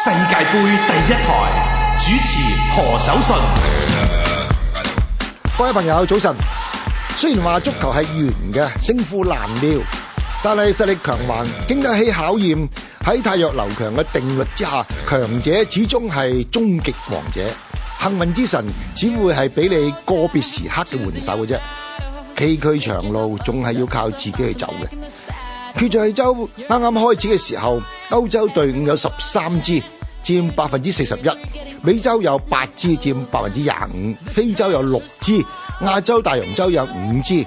世界杯第一台主持何守信，各位朋友，早晨。雖然話足球係圓嘅，勝負難料，但係實力強橫，經得起考驗。喺太弱留強嘅定律之下，強者始終係終極王者。幸運之神只會係俾你個別時刻嘅援手嘅啫，崎嶇長路總係要靠自己去走嘅。決賽周啱啱開始嘅時候，歐洲隊伍有十三支，佔百分之四十一；美洲有八支，佔百分之廿五；非洲有六支，亞洲大洋洲有五支。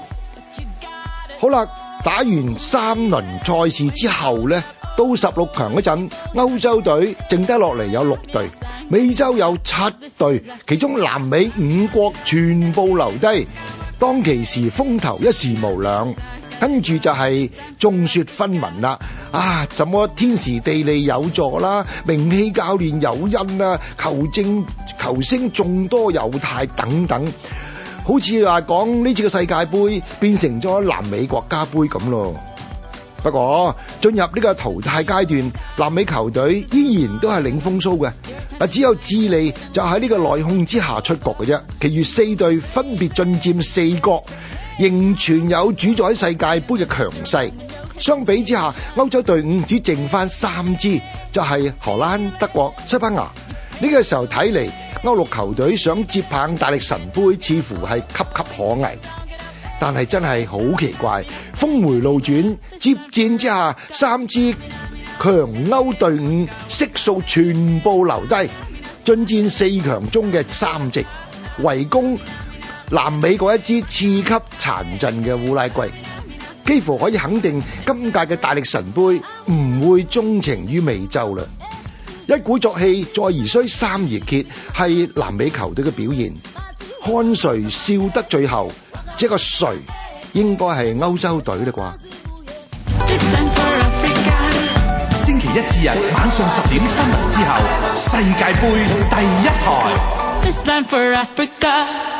好啦，打完三輪賽事之後呢，到十六強嗰陣，歐洲隊剩低落嚟有六隊，美洲有七隊，其中南美五國全部留低，當其時風頭一時無兩。跟住就係眾說紛紜啦！啊，什麼天時地利有助啦，名氣教練有因啊，球證球星眾多猶太等等，好似話講呢次嘅世界盃變成咗南美國家杯咁咯。不過進入呢個淘汰階段，南美球隊依然都係領風騷嘅，只有智利就喺呢個內訌之下出局嘅啫，其餘四隊分別進佔四國，仍存有主宰世界盃嘅強勢。相比之下，歐洲隊伍只剩翻三支，就係、是、荷蘭、德國、西班牙。呢、這個時候睇嚟，歐陸球隊想接棒大力神盃，似乎係岌岌可危。但係真係好奇怪，峰回路轉，接戰之下，三支強歐隊伍悉數全部留低，進戰四強中嘅三席，圍攻南美嗰一支次級殘陣嘅烏拉圭，幾乎可以肯定今屆嘅大力神杯唔會鐘情於美洲嘞！一鼓作氣，再而衰，三而竭，係南美球隊嘅表現。看誰笑得最後，這個誰應該係歐洲隊咧啩？星期一至日晚上十點新聞之後，世界杯第一台。